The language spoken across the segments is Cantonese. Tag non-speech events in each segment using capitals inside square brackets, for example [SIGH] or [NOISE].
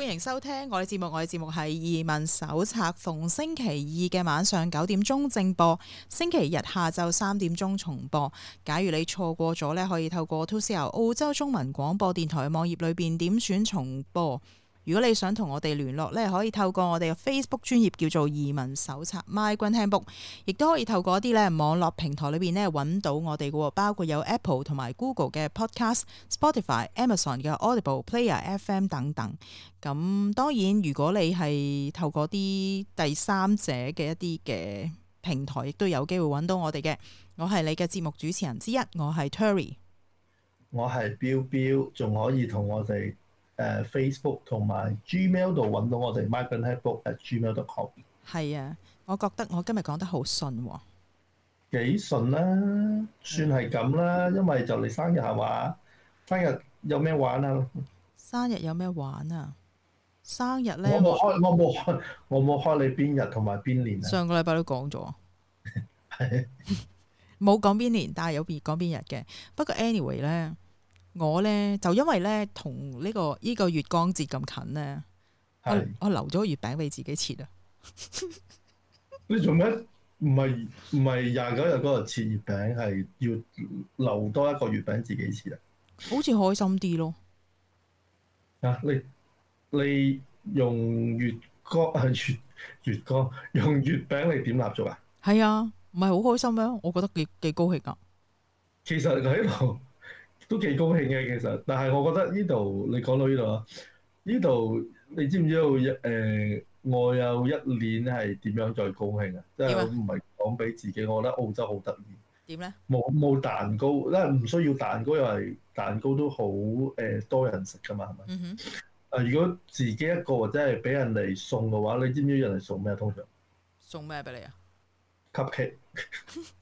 歡迎收聽我哋節目，我哋節目係移民手冊，逢星期二嘅晚上九點鐘正播，星期日下晝三點鐘重播。假如你錯過咗呢，可以透過 t o c 澳洲中文廣播電台嘅網頁裏邊點選重播。如果你想同我哋聯絡咧，可以透過我哋嘅 Facebook 專頁叫做移民手冊 My Green Handbook，d 亦都可以透過一啲咧網絡平台裏邊咧揾到我哋嘅，包括有 Apple 同埋 Google 嘅 Podcast、Spotify、Amazon 嘅 Audible Player、FM 等等。咁當然，如果你係透過啲第三者嘅一啲嘅平台，亦都有機會揾到我哋嘅。我係你嘅節目主持人之一，我係 Terry，我係 Bill，Bill 仲可以同我哋。Uh, Facebook 同埋 Gmail 度揾到我哋 migrantapple@gmail.com 係啊，我覺得我今日講得好順、喔，幾順、啊、啦，算係咁啦。因為就嚟生日係嘛？生日有咩玩啊？生日有咩玩啊？生日咧，我冇開，我冇開，我冇開，我冇開你邊日同埋邊年啊？上個禮拜都講咗啊，冇講邊年，但係有邊講邊日嘅。不過 anyway 咧。我咧就因為咧同呢、呢個依、呢個月光節咁近咧是，我留咗個月餅俾自己切啊！ [LAUGHS] 你做咩唔係唔係廿九日嗰日切月餅係要留多一個月餅自己切啊？好似開心啲咯啊！你你用月光啊月月光用月餅嚟點蠟燭啊？係啊，唔係好開心咩？我覺得幾幾高興啊！其實喺度。都幾高興嘅其實，但係我覺得呢度你講到呢度啊，呢度你知唔知道一、呃、我有一年係點樣最高興啊？即係我唔係講俾自己？我覺得澳洲好得意。點咧？冇冇蛋糕，因為唔需要蛋糕，又係蛋糕都好誒、呃、多人食噶嘛，係咪？嗯哼、呃、如果自己一個或者係俾人嚟送嘅話，你知唔知人嚟送咩？通常送咩俾你啊？吸 u 氣 [LAUGHS]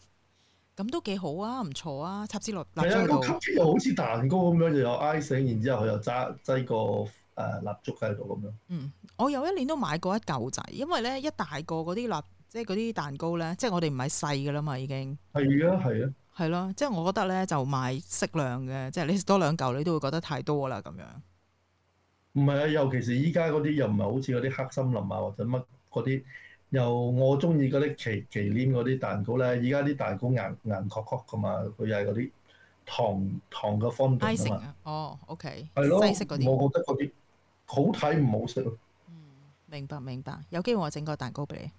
咁都幾好啊，唔錯啊！插支落係啊，個插支又好似蛋糕咁樣，又有 icing 然之後佢又揸擠個誒、呃、蠟燭喺度咁樣。嗯，我有一年都買過一嚿仔，因為咧一大個嗰啲蠟，即係嗰啲蛋糕咧，即係我哋唔係細嘅啦嘛，已經、嗯。係啊，係啊。係咯、啊，即係我覺得咧，就買適量嘅，即係你多兩嚿你都會覺得太多啦咁樣。唔係啊，尤其是依家嗰啲又唔係好似嗰啲黑森林啊或者乜嗰啲。由我中意嗰啲奇奇黏嗰啲蛋糕咧，依家啲蛋糕硬硬確確噶嘛，佢又係嗰啲糖糖嘅方糖啊嘛。哦，OK。係咯。西式我覺得嗰啲好睇唔好食咯。嗯，明白明白，有機會我整個蛋糕俾你。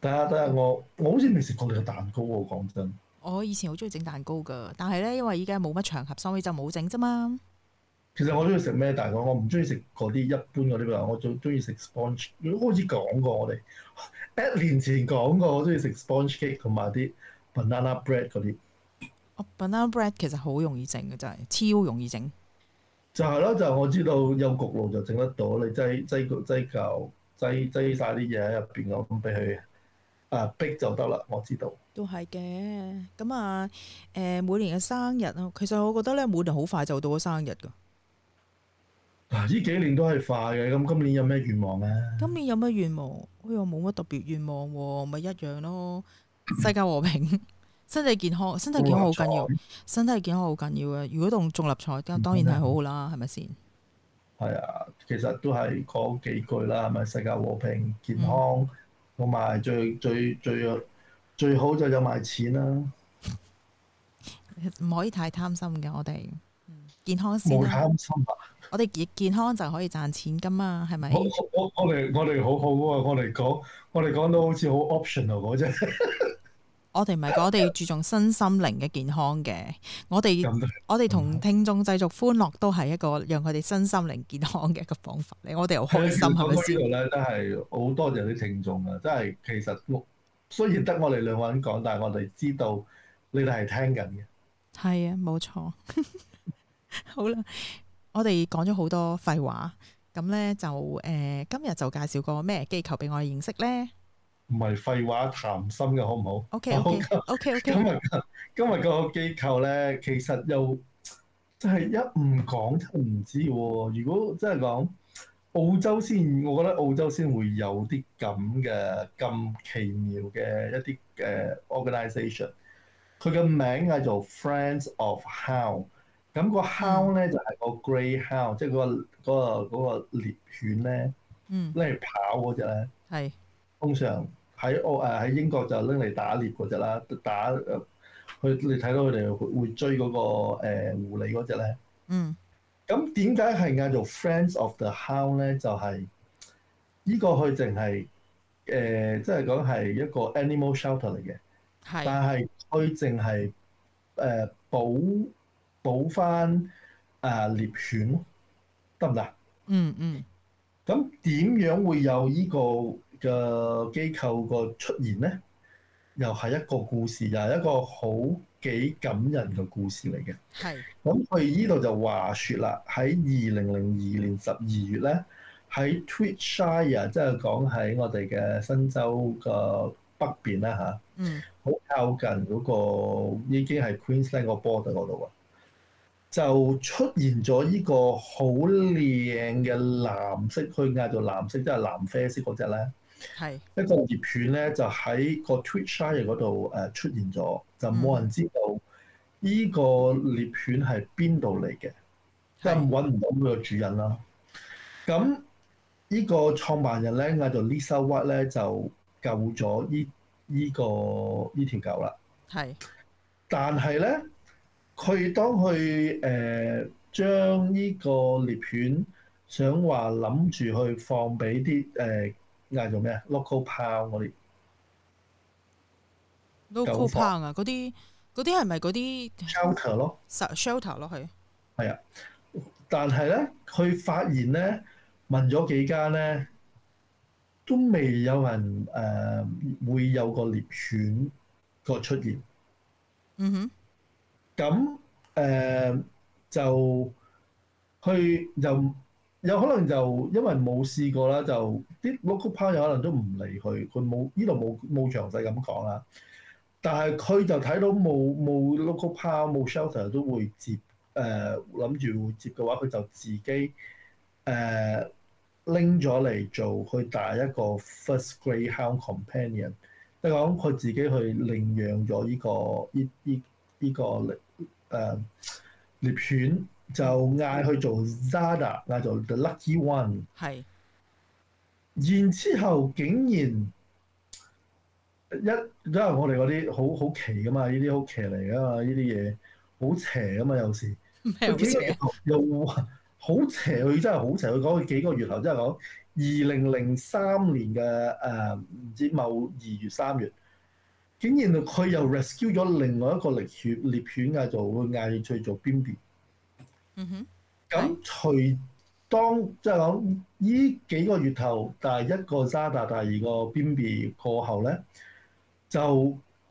等下，等下，我我好似未食過你嘅蛋糕喎，講真。我以前好中意整蛋糕㗎，但係咧因為依家冇乜場合，所以就冇整啫嘛。其實我中意食咩？但係我唔中意食嗰啲一般嗰啲啦。我最中意食 sponge。我好似講過我哋一年前講過我 cake，我中意食 sponge cake 同埋啲 banana bread 嗰啲。哦，banana bread 其實好容易整嘅，真係超容易整。就係咯，就係我知道有焗爐就整得到。你擠擠焗擠舊擠晒啲嘢喺入邊，咁俾佢啊逼就得啦。我知道都係嘅咁啊。誒，每年嘅生日啊，其實我覺得咧，每年好快就到咗生日㗎。呢幾年都係快嘅，咁今年有咩願望咧？今年有咩願望？哎呀，冇乜特別願望喎，咪一樣咯。世界和平，身體健康，身體健康好緊要，身體健康好緊要嘅。如果同中立賽，當然係好好啦，係咪先？係啊，其實都係嗰幾句啦，咪世界和平、健康，同埋最最最最好就有埋錢啦。唔可以太貪心嘅，我哋健康先我哋健康就可以賺錢噶嘛，係咪？我哋我哋好好喎、啊，我哋講我哋講到好似好 optional 嗰啫。我哋唔係講，我哋要注重身心靈嘅健康嘅。我哋我哋同聽眾製造歡樂都係一個讓佢哋身心靈健康嘅一個方法。你我哋又開心係咪知道咧？真係好多謝啲聽眾啊，真係其實雖然得我哋兩個人講，但係我哋知道你哋係聽緊嘅。係啊，冇錯。 [LAUGHS] 好啦。我哋講咗好多廢話，咁咧就誒、呃、今日就介紹個咩機構俾我認識咧？唔係廢話，談心嘅好唔好？O K O K O K O K。今日個 okay, okay. 今日個機構咧，其實又真係一唔講就唔知喎、啊。如果即係講澳洲先，我覺得澳洲先會有啲咁嘅咁奇妙嘅一啲嘅 organisation。佢、uh, 嘅名嗌做 Friends of Hound。咁個 hound 咧、嗯、就係個 grey hound，即係嗰、那個嗰、那個獵犬咧，拎嚟跑嗰隻咧。係、嗯，通常喺澳誒喺英國就拎嚟打獵嗰隻啦，打誒佢你睇到佢哋會追嗰、那個、呃、狐狸嗰隻咧。嗯。咁點解係嗌做 Friends of the Hound 咧？就係、是、呢個佢淨係誒，即係講係一個 animal shelter 嚟嘅。係、嗯。但係佢淨係誒保。補翻誒、啊、獵犬得唔得啊？嗯嗯。咁點樣會有呢個嘅機構個出現咧？又係一個故事，又係一個好幾感人嘅故事嚟嘅。係是。咁佢呢度就話説啦，喺二零零二年十二月咧，喺 Tweed Shire，即係講喺我哋嘅新州嘅北邊啦嚇。嗯。好靠近嗰個已經係 Queensland 個 border 嗰度啊！就出現咗呢個好靚嘅藍色，佢嗌做藍色，即係藍啡色嗰隻咧。係是一個獵犬咧，就喺個 Twitchy 嗰度誒出現咗，就冇人知道呢個獵犬係邊度嚟嘅，即係揾唔到佢個主人啦。咁呢是個創辦人咧，嗌做 Lisa White 咧，就救咗呢呢個呢條狗啦。係是，但係咧。佢當佢誒、呃、將呢個獵犬想話諗住去放俾啲誒嗌做咩啊？local pound 嗰啲 local pound 啊，嗰啲嗰啲係咪嗰啲 shelter 咯？shelter 咯，係係啊，但係咧，佢發現咧，問咗幾間咧，都未有人誒、呃、會有個獵犬個出現。嗯哼。咁誒、嗯、就佢就有可能就因為冇試過啦，就啲 local power 可能都唔嚟佢，佢冇呢度冇冇詳細咁講啦。但係佢就睇到冇冇 local power 冇 shelter 都會接誒諗住會接嘅話，佢就自己誒拎咗嚟做去打一個 first grade hound companion，即係講佢自己去領養咗呢、呢個呢呢呢個、呢個誒、uh, 獵犬就嗌去做 Zada，嗌、mm. 做 The Lucky One，係。是然之後竟然一都係我哋嗰啲好好奇㗎嘛，呢啲好奇嚟㗎嘛，呢啲嘢好邪㗎嘛，有時。好邪。又好邪，佢真係好邪。佢講佢幾個月後， [LAUGHS] [LAUGHS] 真係講二零零三年嘅誒唔知某二月三月。竟然佢又 rescue 咗另外一個獵犬，獵犬啊就會嗌佢去做 Bimby。嗯哼、mm，咁、hmm. 除當即係講依幾個月頭，第一個 Zada 第二個 Bimby 過後咧，就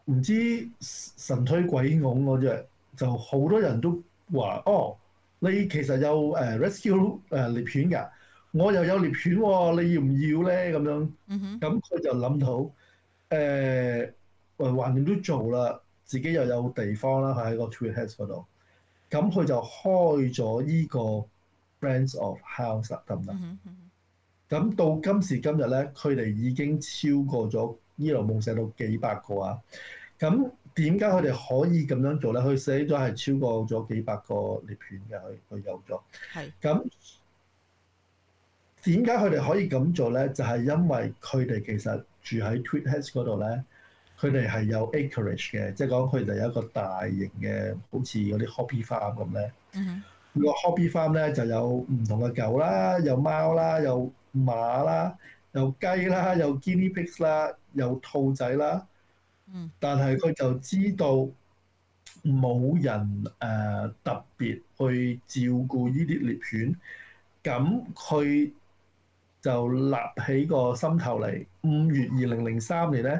唔知神推鬼拱嗰隻，就好多人都話：哦、oh，你其實有誒 rescue 誒、uh, 獵犬㗎，我又有獵犬喎、哦，你要唔要咧？咁樣。嗯咁佢就諗到誒。呃誒，橫掂都做啦，自己又有地方啦，喺個 Tweed Heads 嗰度，咁佢就開咗依個 Friends of Hound 得唔得？咁、mm hmm. 到今時今日咧，佢哋已經超過咗伊朗夢社到幾百個啊！咁點解佢哋可以咁樣做咧？佢寫咗係超過咗幾百個獵犬嘅，佢佢有咗。係、mm。咁點解佢哋可以咁做咧？就係、是、因為佢哋其實住喺 Tweed Heads 嗰度咧。佢哋係有 acreage 嘅，即係講佢哋有一個大型嘅，好似嗰啲 hobby farm 咁咧。嗯哼、mm。Hmm. 個 hobby farm 咧就有唔同嘅狗啦，有貓啦，有馬啦，有雞啦，有 guinea pigs 啦，有兔仔啦。嗯、mm。Hmm. 但係佢就知道冇人誒、呃、特別去照顧呢啲獵犬，咁佢就立起個心頭嚟。五月二零零三年咧。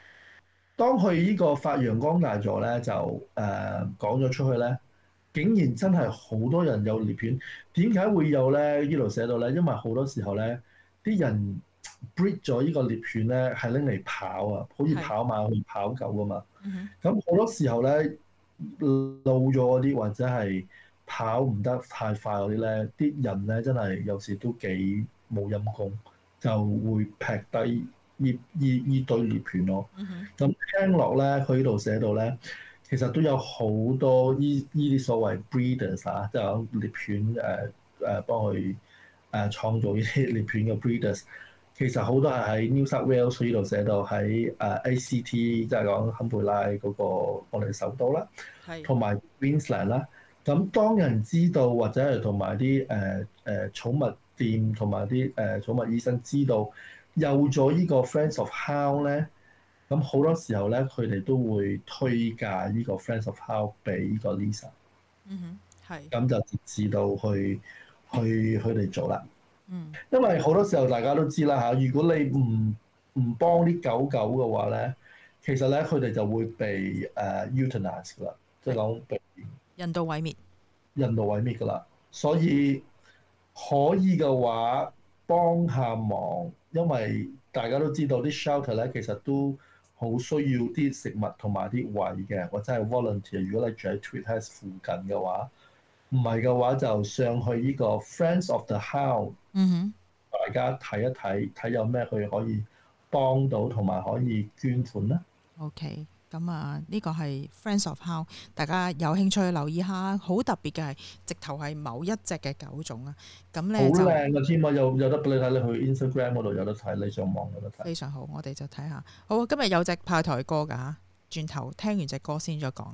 當佢呢個發揚光大咗咧，就誒、呃、講咗出去咧，竟然真係好多人有獵犬，點解會有咧？呢度寫到咧，因為好多時候咧，啲人 breed 咗呢個獵犬咧，係拎嚟跑啊，好似跑馬、是好似跑狗噶嘛。咁、mm hmm. 好多時候咧，老咗嗰啲或者係跑唔得太快嗰啲咧，啲人咧真係有時都幾冇陰功，就會劈低。依依依對獵犬咯，咁、mm hmm. 聽落咧，佢呢度寫到咧，其實都有好多依依啲所謂 breeders 啊，即係講獵犬誒誒幫佢誒創造呢啲獵犬嘅 breeders，其實好多係喺 New South Wales，呢度寫到喺誒 ACT，即係講坎培拉嗰個我哋首都啦，同埋 Queensland 啦。咁當人知道或者係同埋啲誒誒寵物店同埋啲誒寵物醫生知道。有咗呢個 Friends of Hound 咧，咁好多時候咧，佢哋都會推介呢個 Friends of Hound 俾個 Lisa。嗯哼，係咁就直至到去去佢哋做啦。嗯，因為好多時候大家都知啦嚇，如果你唔唔幫啲狗狗嘅話咧，其實咧佢哋就會被誒 euthanised 啦，即係講被人道毀滅，人道毀滅㗎啦。所以可以嘅話，幫下忙。因為大家都知道啲 shelter 咧，sh 其實都好需要啲食物同埋啲位嘅，或者係 volunteer。如果你住喺 Twin House 附近嘅話，唔係嘅話就上去呢個 Friends of the House，mm。嗯哼，大家睇一睇，睇有咩佢可以幫到同埋可以捐款啦。OK。咁啊，呢、嗯，這個係 Friends of Hound，大家有興趣留意下。好特別嘅係直頭係某一隻嘅狗種啊。咁咧就好靚㗎，有有得你睇，你去 Instagram 度有得睇，你上網有得睇。非常好，我哋就睇下。好，啊，今日有隻派台歌㗎嚇，轉頭聽完隻歌先再講。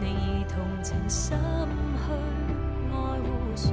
你以同情心去愛護誰？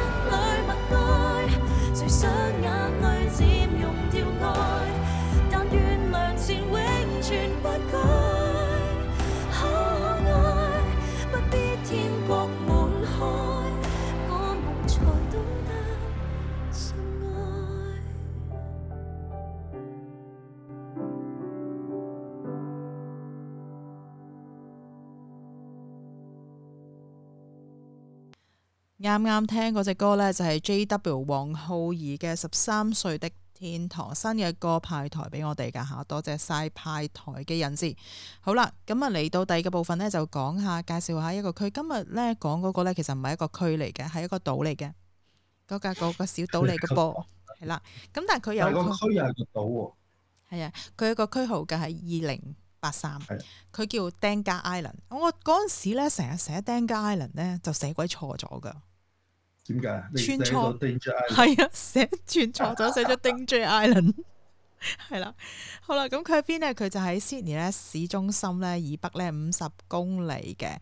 啱啱聽嗰隻歌咧，就係 J.W. 王浩兒嘅《十三歲的天堂》，新嘅歌派台俾我哋噶吓，多謝晒派台嘅人士。好啦，咁啊嚟到第二個部分咧，就講下介紹下一個區。今日咧講嗰個咧，其實唔係一個區嚟嘅，係一個島嚟嘅，嗰個小島嚟嘅噃，係啦。 [LAUGHS] 咁但係佢有個區又係個島喎，係啊，佢有個區號嘅係二零八三，佢叫 Dangar Island 我。我嗰陣時咧成日寫 Dangar Island 咧，就寫鬼錯咗噶。點解啊？串錯，係啊，寫串錯咗，寫咗 Danger Island，係啦， [LAUGHS] [LAUGHS] 好啦，咁佢喺邊咧？佢就喺 Sydney 咧，市中心咧以北咧五十公里嘅，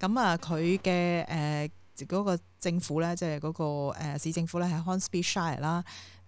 咁啊，佢嘅誒嗰個政府咧，即係嗰、嗰個、呃、市政府咧，係 Hornsby Shire 啦。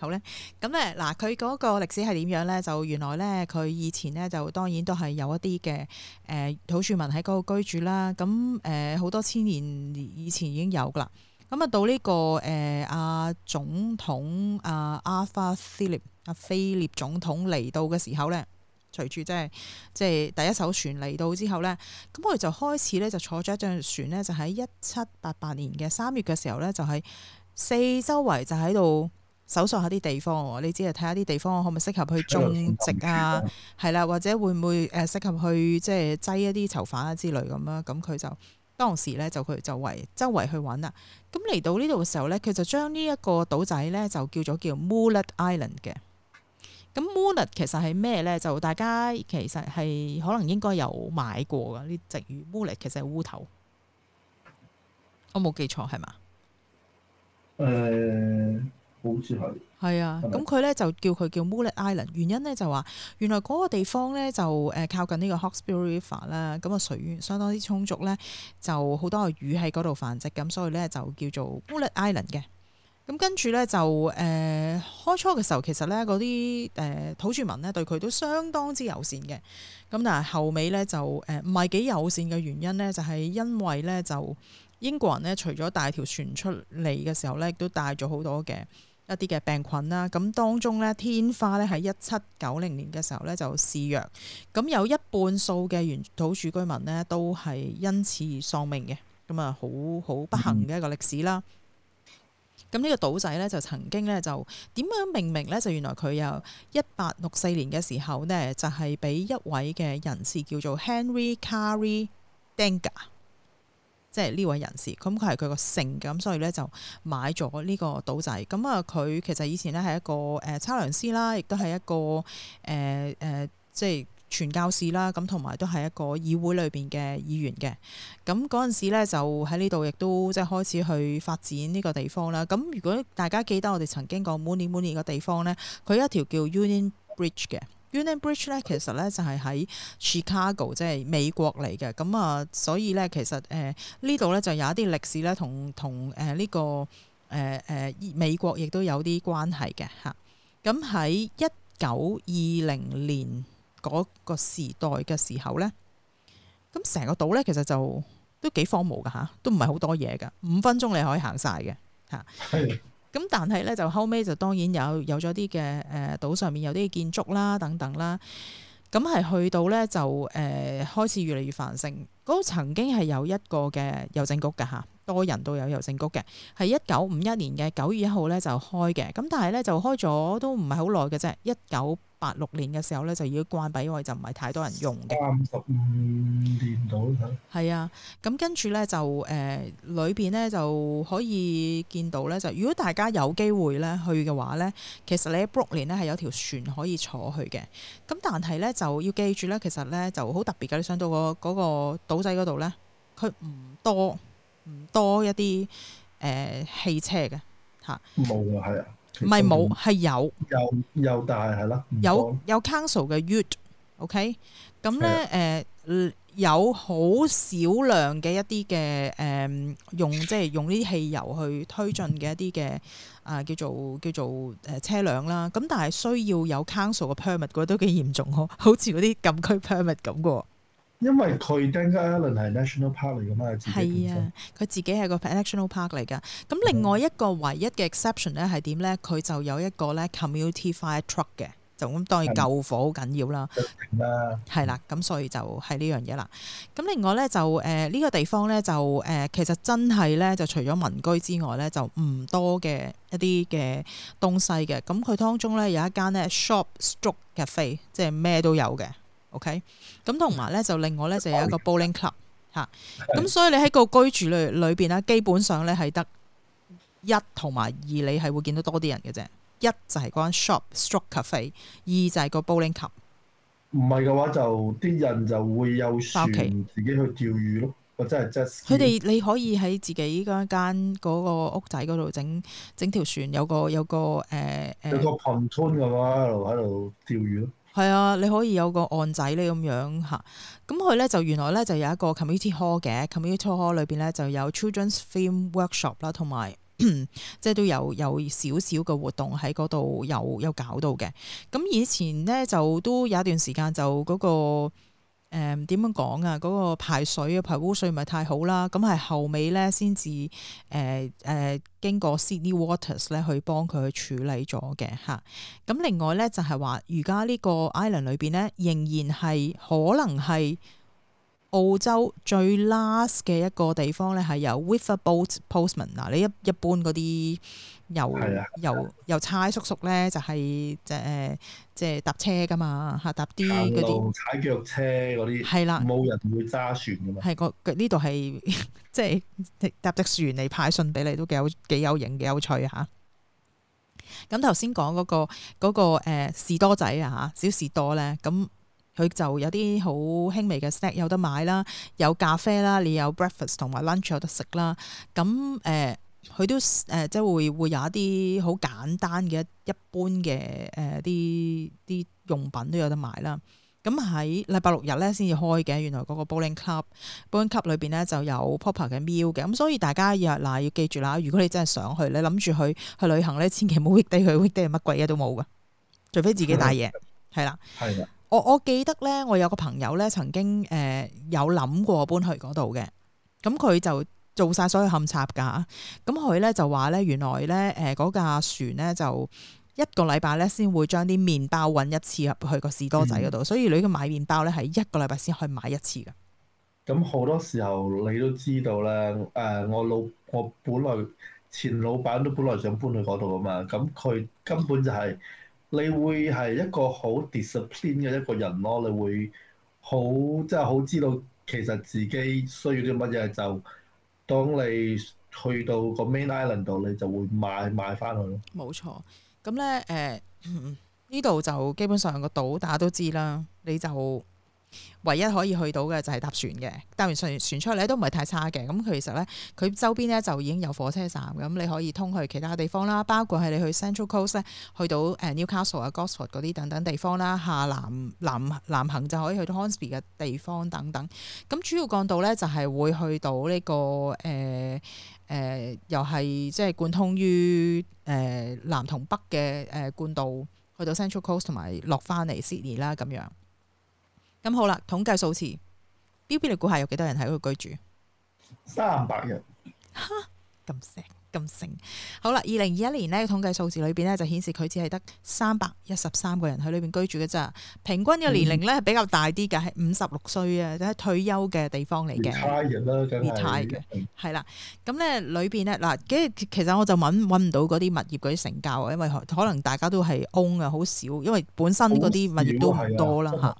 好咧，咁咧嗱，佢嗰個歷史係點樣咧？就原來咧，佢以前咧就當然都係有一啲嘅誒土著民喺嗰度居住啦。咁誒好多千年以前已經有㗎喇。咁、嗯這個呃、啊到呢個誒阿總統阿阿弗斯列阿菲列總統嚟到嘅時候咧，隨住即係即係第一艘船嚟到之後咧，咁我哋就開始咧就坐咗一張船咧，就喺一七八八年嘅三月嘅時候咧，就喺四周圍就喺度。搜索下啲地方，你只係睇下啲地方可唔可以適合去種植啊？係啦、嗯，或者會唔會誒適合去即係擠一啲囚犯啊之類咁啊？咁佢就當時咧就佢就圍周圍去揾啦。咁嚟到呢度嘅時候咧，佢就將呢一個島仔咧就叫咗叫 Mullet Island 嘅。咁 Mullet 其實係咩咧？就大家其實係可能應該有買過㗎呢隻魚。Mullet 其實係烏頭，我冇記錯係嘛？誒。嗯嗯好係啊，咁佢咧就叫佢叫 Mullet Island，原因咧就話原來嗰個地方咧就誒靠近呢個 Hawkesbury River 啦，咁啊水源相當之充足咧，就好多魚喺嗰度繁殖，咁所以咧就叫做 Mullet Island 嘅。咁跟住咧就誒、呃、開初嘅時候，其實咧嗰啲誒土著民咧對佢都相當之友善嘅。咁但係後尾咧就誒唔係幾友善嘅原因咧，就係、是、因為咧就英國人咧除咗帶條船出嚟嘅時候咧，亦都帶咗好多嘅。一啲嘅病菌啦，咁當中咧天花咧喺一七九零年嘅時候咧就肆虐。咁有一半數嘅原土著居民呢，都係因此而喪命嘅，咁啊好好不幸嘅一個歷史啦。咁呢、嗯、個島仔咧就曾經咧就點樣命名咧？就原來佢有，一八六四年嘅時候呢，就係、是、俾一位嘅人士叫做 Henry Carey Dangar。即係呢位人士，咁佢係佢個姓咁，所以咧就買咗呢個島仔。咁啊，佢其實以前咧係一個誒測量師啦，亦都係一個誒誒、呃呃，即係傳教士啦。咁同埋都係一個議會裏邊嘅議員嘅。咁嗰陣時咧就喺呢度亦都即係開始去發展呢個地方啦。咁如果大家記得我哋曾經講 Mooney Mooney 嘅地方咧，佢有一條叫 Union Bridge 嘅。Union Bridge 咧，其實咧就係喺 Chicago，即係美國嚟嘅。咁啊，所以咧其實誒呢度咧就有一啲歷史咧，同同誒呢個誒誒、呃呃、美國亦都有啲關係嘅嚇。咁喺一九二零年嗰個時代嘅時候咧，咁成個島咧其實就都幾荒蕪嘅嚇，都唔係好多嘢嘅。五分鐘你可以行晒嘅嚇。啊 [LAUGHS] 咁但係咧就後尾就當然有有咗啲嘅，誒島上面有啲建築啦等等啦，咁係去到咧就誒、呃、開始越嚟越繁盛，嗰、那個、曾經係有一個嘅郵政局㗎吓。多人都有郵政局嘅，係一九五一年嘅九月一號咧就開嘅。咁但係咧就開咗都唔係好耐嘅啫。一九八六年嘅時候咧就要關閉，因為就唔係太多人用嘅。三十五年到係啊。咁、嗯、跟住咧就誒裏邊咧就可以見到咧就如果大家有機會咧去嘅話咧，其實你喺 Brooklyn 咧係有條船可以坐去嘅。咁但係咧就要記住咧，其實咧就好特別嘅。你上到、嗰個、嗰個島仔嗰度咧，佢唔多。唔多一啲誒、呃、汽車嘅吓？冇啊，係啊，唔係冇係有，有有但係係啦，有有 council 嘅 ute，OK，咁咧誒有好少量嘅一啲嘅誒用即係用呢啲汽油去推進嘅一啲嘅 [LAUGHS] 啊叫做叫做誒車輛啦，咁、啊、但係需要有 council 嘅 permit 覺得都幾嚴重，好好似嗰啲禁區 permit 咁嘅。因為佢 Dangar Island 係 National Park 嚟㗎嘛，係啊，佢自己係個 National Park 嚟㗎。咁另外一個唯一嘅 exception 咧係點咧？佢、嗯、就有一個咧 community fire truck 嘅，就咁當然救火好緊要啦。係啦、嗯，咁所以就係呢樣嘢啦。咁、嗯、另外咧就誒呢、呃、這個地方咧就誒、呃、其實真係咧就除咗民居之外咧就唔多嘅一啲嘅東西嘅。咁佢當中咧有一間咧 shop stroke cafe，即係咩都有嘅。OK，咁同埋咧就另外咧就有一個 bowling club 吓，咁所以你喺個居住裏裏邊咧，基本上咧係得一同埋二，你係會見到多啲人嘅啫。一就係嗰間 shop stroke cafe，二就係個 bowling club。唔係嘅話，就啲人就會有船自己去釣魚咯。我真係真。佢哋你可以喺自己嗰間嗰個屋仔嗰度整整條船，有個有個誒誒、呃、有個盆吞噶嘛，喺度喺度釣魚咯。係啊，你可以有個案仔呢咁樣嚇，咁佢咧就原來咧就有一個 community hall 嘅 community hall 裏邊咧就有 children's film workshop 啦，同埋即係都有有少少嘅活動喺嗰度有有搞到嘅。咁以前咧就都有一段時間就嗰個。誒點樣講啊？嗰、嗯那個排水啊，排污水唔係太好啦。咁係後尾咧，先至誒誒經過 Sydney Waters 咧，去幫佢去處理咗嘅嚇。咁、啊、另外咧就係、是、話，而家呢個 Island 裏邊咧，仍然係可能係澳洲最 last 嘅一個地方咧，係有 riverboat postman 嗱、啊，你一一般嗰啲。由又又、啊、差叔叔咧就係即誒即係搭車噶嘛嚇，啊、搭啲啲。踩腳車嗰啲。係啦的。冇人會揸船嘅咩？係個呢度係即係搭隻船嚟派信俾你，都幾有幾有型幾有趣嚇。咁頭先講嗰個嗰、嗰個、呃、士多仔啊嚇，小士多咧，咁佢就有啲好輕微嘅 set 有得買啦，有咖啡啦，你有 breakfast 同埋 lunch 有得食啦，咁誒。佢都誒、呃，即係會會有一啲好簡單嘅一一般嘅誒，啲、呃、啲用品都有得買啦。咁喺禮拜六日咧先至開嘅。原來嗰個 bowling club bowling club 裏邊咧就有 proper 嘅 meal 嘅。咁所以大家若嗱要記住啦，如果你真係想去，你諗住去去，去旅行咧，千祈唔好 weekday 去，weekday 係乜鬼嘢都冇噶，除非自己帶嘢。係啦，係我我記得咧，我有個朋友咧曾經誒、呃、有諗過搬去嗰度嘅。咁佢就。做晒所有嵌插架，咁佢咧就話咧，原來咧誒，嗰架船咧就一個禮拜咧先會將啲麵包運一次入去個士多仔嗰度，嗯、所以你去買麵包咧係一個禮拜先可以買一次噶。咁好、嗯、多時候你都知道咧誒、呃，我老我本來前老闆都本來想搬去嗰度噶嘛，咁佢根本就係、是、你會係一個好 discipline 嘅一個人咯。你會好即係好知道其實自己需要啲乜嘢就。當你去到個 Main Island 度，你就會買買翻去咯。冇錯，咁咧誒，呢、呃、度 [COUGHS] 就基本上個島，大家都知啦，你就。唯一可以去到嘅就係搭船嘅，搭完船船出嚟咧都唔係太差嘅。咁其實咧，佢周邊咧就已經有火車站，咁你可以通去其他地方啦，包括係你去 Central Coast 咧，去到誒 Newcastle 啊、Gosford 嗰啲、等等地方啦。下南南南行就可以去到 Hornsby 嘅地方等等。咁主要幹道咧就係會去到呢、這個誒誒、呃呃，又係即係貫通於誒、呃、南同北嘅誒幹道，去到 Central Coast 同埋落翻嚟 Sydney 啦咁樣。咁好啦，統計數字，Bill Bill，你估下有幾多人喺嗰度居住？三百人。哈，咁石。咁好啦，二零二一年呢個統計數字裏邊呢，就顯示佢只係得三百一十三個人喺裏邊居住嘅咋，平均嘅年齡呢，係比較大啲嘅，係五十六歲啊，喺、即係、退休嘅地方嚟嘅。差係。嘅係、嗯、啦，咁咧裏邊呢，嗱，其實我就揾唔到嗰啲物業嗰啲成交啊，因為可能大家都係空啊，好少，因為本身嗰啲物業都唔多啦吓，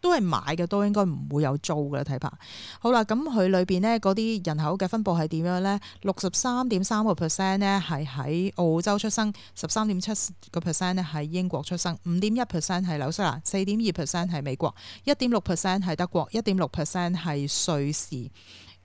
都係買嘅都應該唔會有租噶睇怕。好啦，咁佢裏邊呢，嗰啲人口嘅分布係點樣呢？六十三點三，個 percent 咧係喺澳洲出生，十三點七個 percent 咧喺英國出生，五點一 percent 係紐西蘭，四點二 percent 係美國，一點六 percent 係德國，一點六 percent 係瑞士。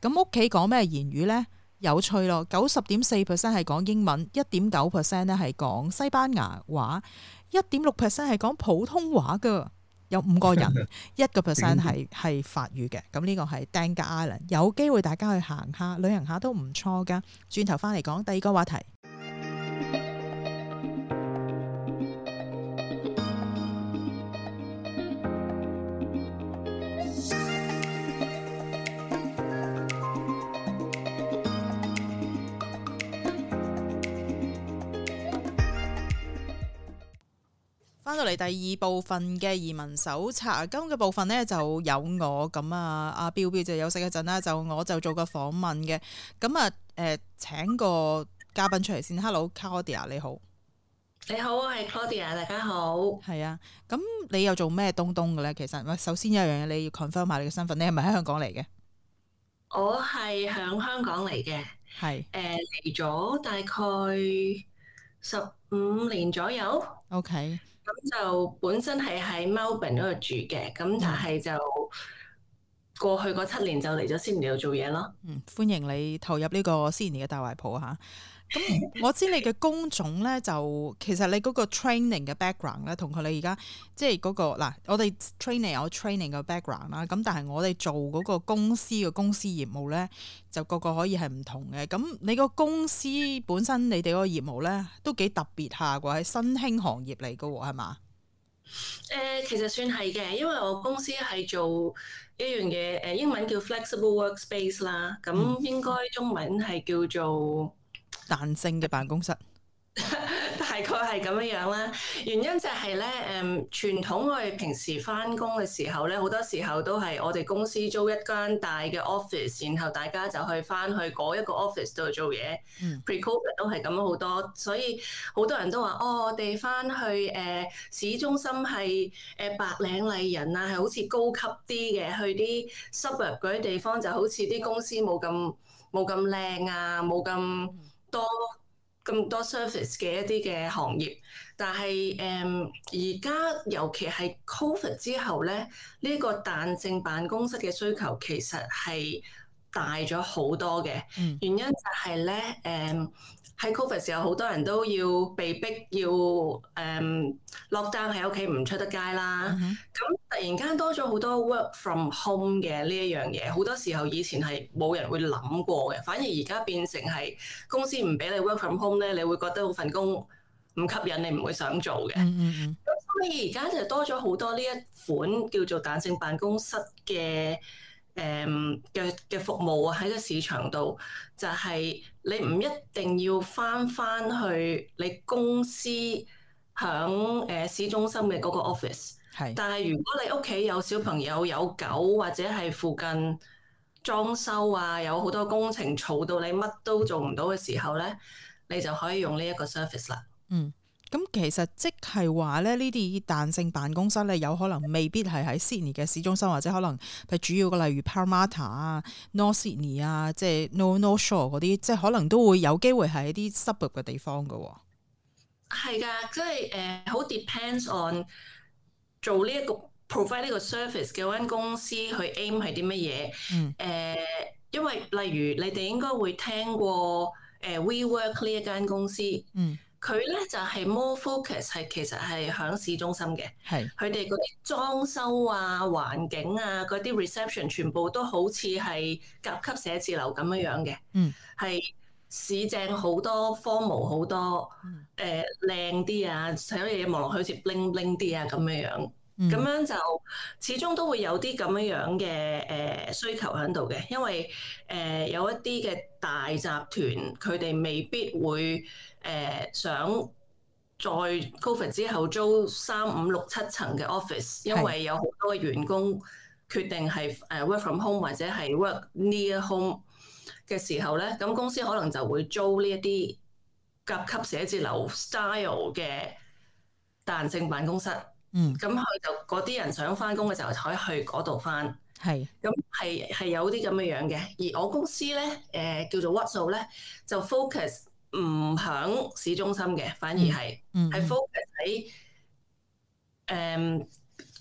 咁屋企講咩言語呢？有趣咯，九十點四 percent 係講英文，一點九 percent 咧係講西班牙話，一點六 percent 係講普通話噶。有五個人，一個 percent 係係法語嘅，咁呢 [LAUGHS] 個係 Dangar Island，有機會大家去行下、旅行下都唔錯㗎。轉頭翻嚟講第二個話題。翻到嚟第二部分嘅移民手冊，今嘅部分咧，就有我咁啊。阿 Bill Bill 就休息一陣啦，就我就做個訪問嘅。咁啊，誒、呃、請個嘉賓出嚟先。Hello Claudia，你好。你好，我係 Claudia，大家好。係啊，咁你又做咩東東嘅咧？其實喂，首先有樣嘢你要 confirm 埋你嘅身份，你係咪喺香港嚟嘅？我係響香港嚟嘅，係誒嚟咗大概十五年左右。OK。咁就本身係喺 Melbourne 嗰度住嘅，咁、嗯、但係就過去嗰七年就嚟咗悉尼度做嘢咯。嗯，歡迎你投入呢個悉尼嘅大懷抱嚇。咁 [LAUGHS] 我知你嘅工種咧，就其實你嗰、嗰個 training 嘅 background 咧，同佢你而家即係嗰個嗱，我哋 training 有 training 嘅 background 啦。咁但係我哋做嗰個公司嘅公司業務咧，就個個可以係唔同嘅。咁你個公司本身你哋嗰個業務咧都幾特別下嘅，係新興行業嚟嘅係嘛？誒、呃，其實算係嘅，因為我公司係做一樣嘢，誒英文叫 flexible workspace 啦，咁應該中文係叫做。嗯嗯彈性嘅辦公室，大概係咁樣樣啦。原因就係咧，誒傳統我哋平時翻工嘅時候咧，好多時候都係我哋公司租一間大嘅 office，然後大家就去翻去嗰一個 office 度做嘢。pre-COVID 都係咁樣好多，所以好多人都話：哦，我哋翻去誒市中心係誒白領麗人啊，係好似高級啲嘅；去啲 suburb 嗰啲地方，就好似啲公司冇咁冇咁靚啊，冇咁。多咁多 service 嘅一啲嘅行業，但係誒而家尤其係 COVID 之後咧，呢、呢個彈性辦公室嘅需求其實係大咗好多嘅，嗯、原因就係咧誒。嗯喺 Covid 時候好多人都要被逼要誒 lockdown 喺屋企唔出得街啦，咁 Okay. 突然間多咗好多 work from home 嘅呢一樣嘢，好多時候以前係冇人會諗過嘅，反而而家變成係公司唔俾你 work from home 咧，你會覺得嗰份工唔吸引，你唔會想做嘅。咁、mm hmm. 所以而家就多咗好多呢一款叫做彈性辦公室嘅。誒嘅嘅服務喺個市場度，就係你唔一定要返返去你公司響誒市中心嘅嗰個 office，係是，但係如果你屋企有小朋友、有狗或者係附近裝修啊，有好多工程嘈到你乜都做唔到嘅時候咧，你就可以用呢一個 service 啦。嗯。咁其實即係話咧，呢啲彈性辦公室咧，有可能未必係喺 Sydney 嘅市中心，或者可能係主要嘅，例如 Parramatta 啊、North Sydney 啊，即係 No North Shore 嗰啲，即係可能都會有機會喺一啲 suburb 嘅地方嘅、哦。係噶，即係誒，好、呃、depends on 做呢、這、一個 provide 呢個 service 嘅間公司去 aim 係啲乜嘢？誒、嗯呃，因為例如你哋應該會聽過誒、呃、WeWork 呢一間公司。嗯。佢咧就係 more focus 係其實係喺市中心嘅，係佢哋嗰啲裝修啊、環境啊、嗰啲 reception 全部都好似係甲級寫字樓咁樣樣嘅，嗯，係市正好多，formal 好多，誒靚啲啊，睇啲嘢望落去好似 bling bling 啲啊咁樣、嗯、樣。嗯，咁樣就始終都會有啲咁樣樣嘅誒需求喺度嘅，因為誒、呃、有一啲嘅大集團，佢哋未必會誒、呃、想再 cover 之後租三五六七層嘅 office，因為有好多嘅員工決定係誒 work from home 或者係 work near home 嘅時候咧，咁公司可能就會租呢一啲甲級寫字樓 style 嘅彈性辦公室。嗯，咁佢就嗰啲人想返工嘅時候可以去嗰度返，係是，咁係係有啲咁嘅樣嘅。而我公司咧，誒、呃、叫做 w 屈素咧，就 focus 唔響市中心嘅，反而係，係 focus 喺誒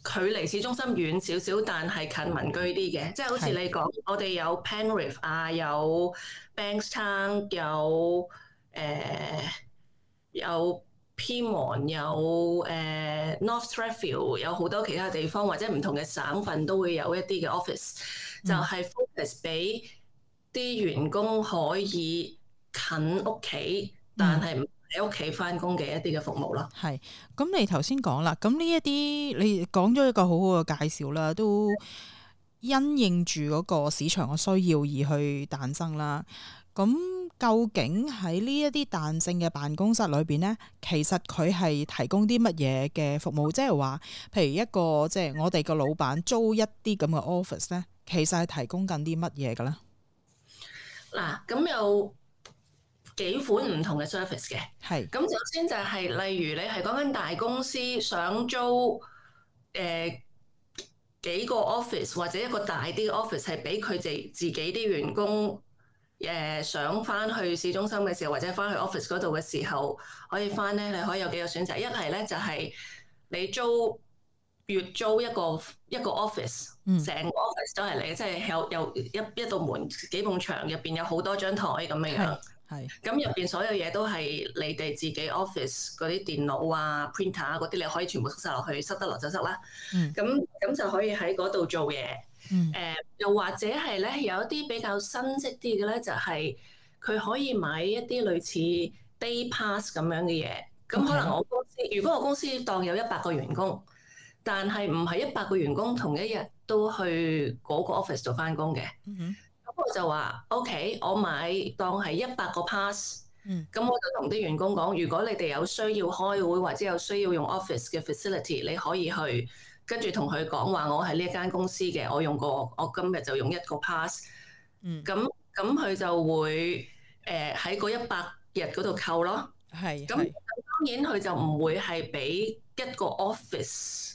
距離市中心遠少少，但係近民居啲嘅，嗯、即係好似你講，是我哋有 Penrith 啊，有 Bankstown，有誒有。呃有有偏往有誒、呃、North Sheffield 有好多其他地方或者唔同嘅省份都會有一啲嘅 office、嗯、就係 focus 俾啲員工可以近屋企，但係唔喺屋企翻工嘅一啲嘅服務啦。係、嗯，咁你頭先講啦，咁呢一啲你講咗一個好好嘅介紹啦，都因應住嗰個市場嘅需要而去誕生啦。咁。究竟喺呢一啲彈性嘅辦公室裏邊咧，其實佢係提供啲乜嘢嘅服務？即係話，譬如一個即係、就是、我哋個老闆租一啲咁嘅 office 咧，其實係提供緊啲乜嘢嘅咧？嗱，咁有幾款唔同嘅 service 嘅，係咁，首先就係例如你係嗰間大公司想租誒、呃、幾個 office 或者一個大啲嘅 office 係俾佢哋自己啲員工。誒想翻去市中心嘅時候，或者翻去 office 嗰度嘅時候，可以翻咧，你可以有幾個選擇。一係咧就係、是、你租月租一個一個 office，成個 office 都係你，嗯、即係有有一一道門、幾埲牆入邊有好多張台咁樣。係是。係。咁入邊所有嘢都係你哋自己 office 嗰啲電腦啊、printer 啊嗰啲，你可以全部塞落去，塞得落就塞啦。嗯。咁咁就可以喺嗰度做嘢。誒、嗯、又或者係咧，有一啲比較新式啲嘅咧，就係、是、佢可以買一啲類似 day pass 咁樣嘅嘢。咁可能我公司，Okay. 如果我公司當有一百個員工，但係唔係一百個員工同一日都去嗰個 office 做返工嘅。咁、mm hmm. 我就話 OK，我買當係一百個 pass、mm。咁、hmm. 我就同啲員工講，如果你哋有需要開會或者有需要用 office 嘅 facility，你可以去。跟住同佢講話，我係呢一間公司嘅，我用過，我今日就用一個 pass，咁咁佢就會誒喺個一百日嗰度扣咯，係、嗯。咁當然佢就唔會係俾一個 office，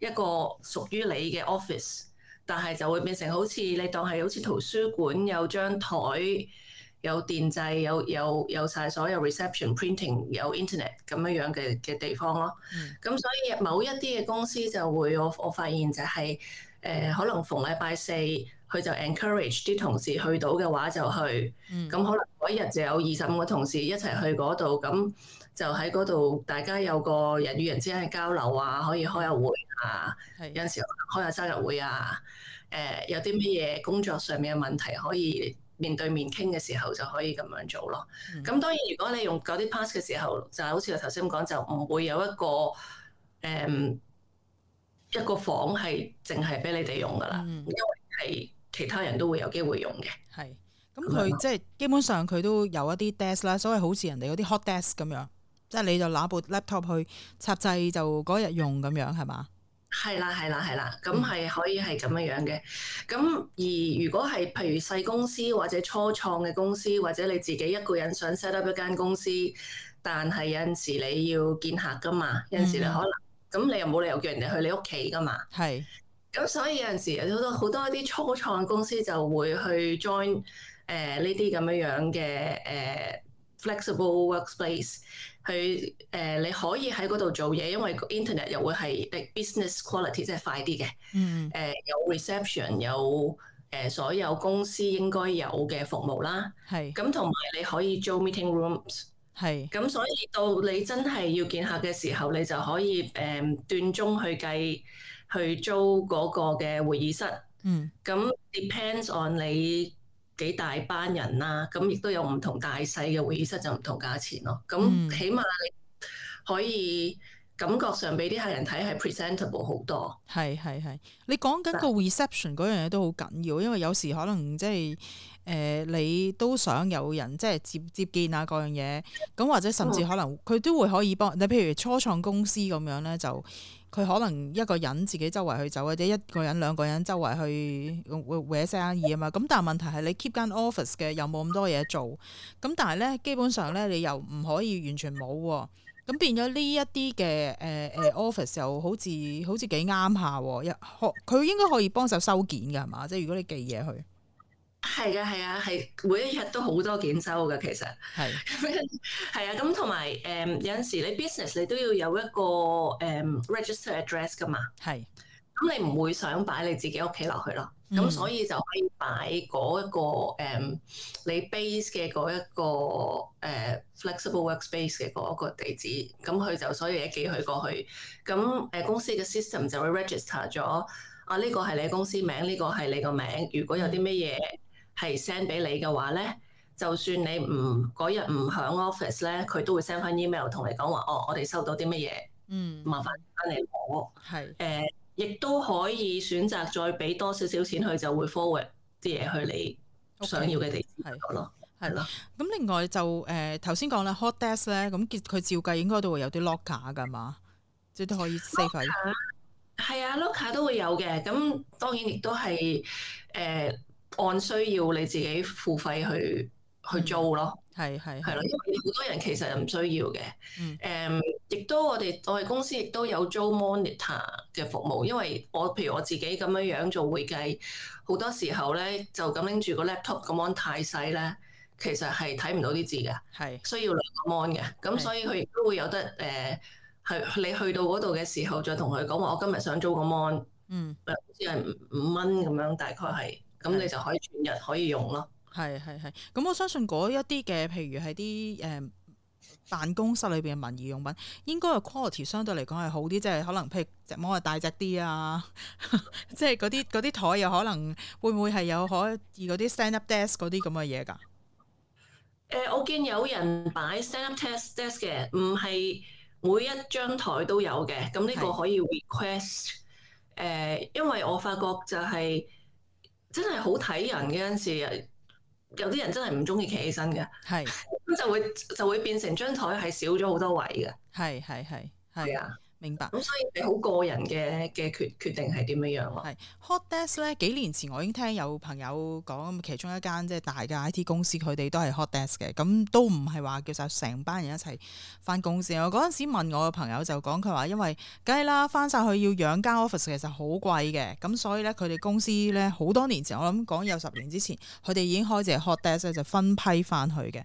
一個屬於你嘅 office，但係就會變成好似你當係好似圖書館有張台。有電掣，有有有曬所有 reception printing，有 internet 咁樣樣嘅嘅地方咯。咁、嗯、所以某一啲嘅公司就會，我我發現就係、是、誒、呃，可能逢禮拜四佢就 encourage 啲同事去到嘅話就去。咁、嗯、可能嗰一日就有二十五個同事一齊去嗰度，咁就喺嗰度大家有個人與人之間嘅交流啊，可以開下會啊，有陣時可能開下生日會啊，誒、呃、有啲咩嘢工作上面嘅問題可以，面對面傾嘅時候就可以咁樣做咯。咁、嗯、當然如果你用嗰啲 pass 嘅時候，就係好似我頭先講，就唔會有一個誒、嗯、一個房係淨係俾你哋用噶啦，嗯、因為係其他人都會有機會用嘅。係，咁佢即係基本上佢都有一啲 desk 啦，所謂好似人哋嗰啲 hot desk 咁樣，即係你就攞部 laptop 去插掣就嗰日用咁樣係嘛？係啦，係啦，係啦，咁係可以係咁樣樣嘅。咁而如果係譬如細公司或者初創嘅公司，或者你自己一個人想 set up 一間公司，但係有陣時你要見客噶嘛，有陣時你可能咁、嗯、你又冇理由叫人哋去你屋企噶嘛。係是。咁所以有陣時好多好多一啲初創公司就會去 join 誒、呃、呢啲咁樣樣嘅誒 flexible workspace。呃 Flex 佢誒、呃、你可以喺嗰度做嘢，因為 internet 又會係 business quality 即係快啲嘅。嗯、mm. 呃。誒有 reception 有誒、呃、所有公司應該有嘅服務啦。係是。咁同埋你可以租 meeting rooms 是。係。咁所以到你真係要見客嘅時候，你就可以誒段鐘去計去租嗰個嘅會議室。嗯。咁、mm. depends on 你。幾大班人啦，咁亦都有唔同大細嘅會議室，就唔同價錢咯。咁起碼可以感覺上俾啲客人睇係 presentable 好多。係係係，你講緊個 reception 嗰樣嘢都好緊要，因為有時可能即係誒、呃，你都想有人即係接接見啊，嗰樣嘢咁，或者甚至可能佢都會可以幫你，嗯，譬如初創公司咁樣咧就。佢可能一個人自己周圍去走，或者一個人兩個人周圍去搲生意啊嘛。咁但係問題係你 keep 間 office 嘅有冇咁多嘢做？咁但係咧基本上咧你又唔可以完全冇。咁變咗呢一啲嘅誒誒 office 又好似好似幾啱下。一可佢應該可以幫手收件㗎係嘛？即係如果你寄嘢去。係嘅，係啊，係每一日都好多件收嘅。其實係係啊，咁同埋誒有陣、嗯、時你 business 你都要有一個誒、嗯、register address 㗎嘛係。咁是你唔會想擺你自己屋企落去咯，咁、嗯、所以就可以擺嗰一個誒、嗯、你 base 嘅嗰、那、一個誒、嗯、flexible workspace 嘅嗰個地址。咁佢就所有嘢寄佢過去咁誒公司嘅 system 就會 register 咗啊。呢個係你公司名，呢個係你個名。如果有啲咩嘢？嗯係 send 俾你嘅話咧，就算你唔嗰日唔響 office 咧，佢都會 send 翻 email 同你講話，哦，我哋收到啲乜嘢，嗯，麻煩翻嚟攞，係是，誒、呃，亦都可以選擇再俾多少少錢佢，就會 forward 啲嘢去你想要嘅地址，好咯、okay，係咯。咁另外就誒頭先講啦，hot desk 咧，咁佢照計應該都會有啲 locker 㗎嘛，即係都可以 save 翻，係啊 locker 都會有嘅。咁當然亦都係誒。呃按需要你自己付費去去租咯，係係係咯，因為好多人其實又唔需要嘅。誒、嗯，亦、um, 都我哋我哋公司亦都有租 monitor 嘅服務，因為我譬如我自己咁樣樣做會計，好多時候咧就咁拎住個 laptop 個 mon 太細咧，其實係睇唔到啲字㗎，係是需要兩個 mon 嘅，咁是所以佢亦都會有得誒，係、呃、你去到嗰度嘅時候，再同佢講話，我今日想租個 mon，嗯，好似係五蚊咁樣，大概係。咁、嗯嗯、你就可以全日可以用咯。係係係。咁我相信嗰一啲嘅，譬如係啲誒辦公室裏邊嘅文具用品，應該個 quality 相對嚟講係好啲，即係可能譬如隻帽啊大隻啲啊， [LAUGHS] 即係嗰啲啲台又可能會唔會係有可以嗰啲 stand up desk 嗰啲咁嘅嘢㗎？誒、呃，我見有人擺 stand up desk desk 嘅，唔係每一張台都有嘅。咁呢個可以 request 誒是、呃，因為我發覺就係、是。真係好睇人嘅陣時，有啲人真係唔中意企起身嘅。咁係 [LAUGHS] 就會就會變成張台係少咗好多位嘅，係係係係啊。明白，嗯、所以你好個人嘅嘅決決定係點樣樣？係 hot desk 咧，幾年前我已經聽有朋友講，其中一間即係大嘅 I T 公司，佢哋都係 hot desk 嘅，咁都唔係話叫晒成班人一齊翻工先。我嗰陣時問我嘅朋友就講，佢話因為梗係啦，翻晒去要養間 office 其實好貴嘅，咁所以咧佢哋公司咧好多年前，我諗講有十年之前，佢哋已經開始 hot desk 就分批翻去嘅。